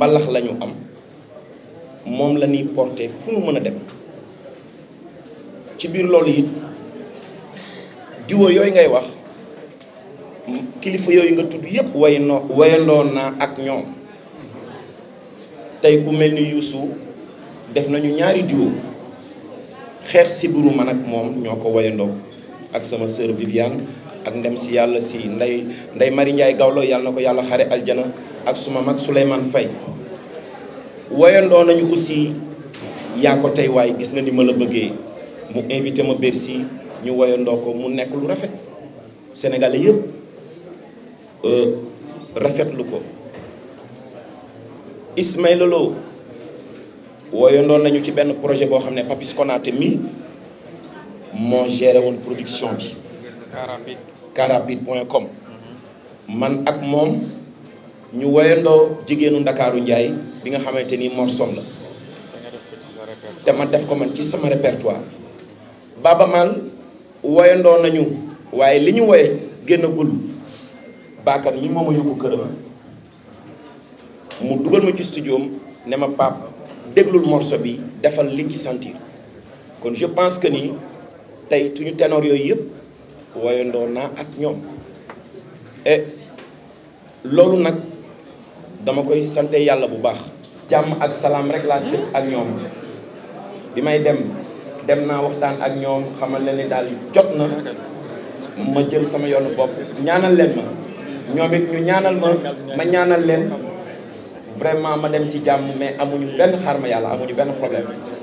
mbalax lañu am mom la ñuy porté fu mu mën a dem ci biir loolu it diwo yooyu ngay wax kilifa yooyu nga tudd yépp way no wayandoo naa ak ñoom tey ku mel ni Youssou def nañu ñaari diwo xeex sibiru man ak moom ñoo ak sama sœur Viviane ak ndem si yàlla si nday nday Mari Ndiaye Gawlo yàlla na ko xare aljana ak suma mag Souleymane woyandoo nañu aussi yaa ko tey waaye gis na ni ma la bëggee mu invité ma Bercy ñu woyandoo ko mu nekk lu rafet sénégalais yëpp euh, rafetlu ko Ismaïla Lo woyandoo nañu ci benn projet boo xam ne Papis Konaté mi moo géré woon production bi carapide com mm-hmm. man ak moom ñu woyandoo jigéenu ndakaaru njaay bi nga xamante ni morsom la te ma def ko man ci sama répertoire Baaba Maal woyandoo nañu waaye li ñu woye génn gul baakat mi moo ma yóbbu këram mu dugal ma ci studio ne ma pap déglul morso bi defal li ci sentir kon je pense que ni tey tuñu tenoor yooyu yëpp woyandoo naa ak ñoom loolu nag dama koy sante yàlla bu baax jàmm ak salaam rek laa sit ak ñoom bi may dem dem naa waxtaan ak ñoom xamal leen ni daal jot na ma jël sama yoonu bopp ñaanal leen ma ñoom it ñu ñaanal ma ma ñaanal leen vraiment ma dem ci jàmm mais amuñu benn xaar ma yàlla amuñu benn problème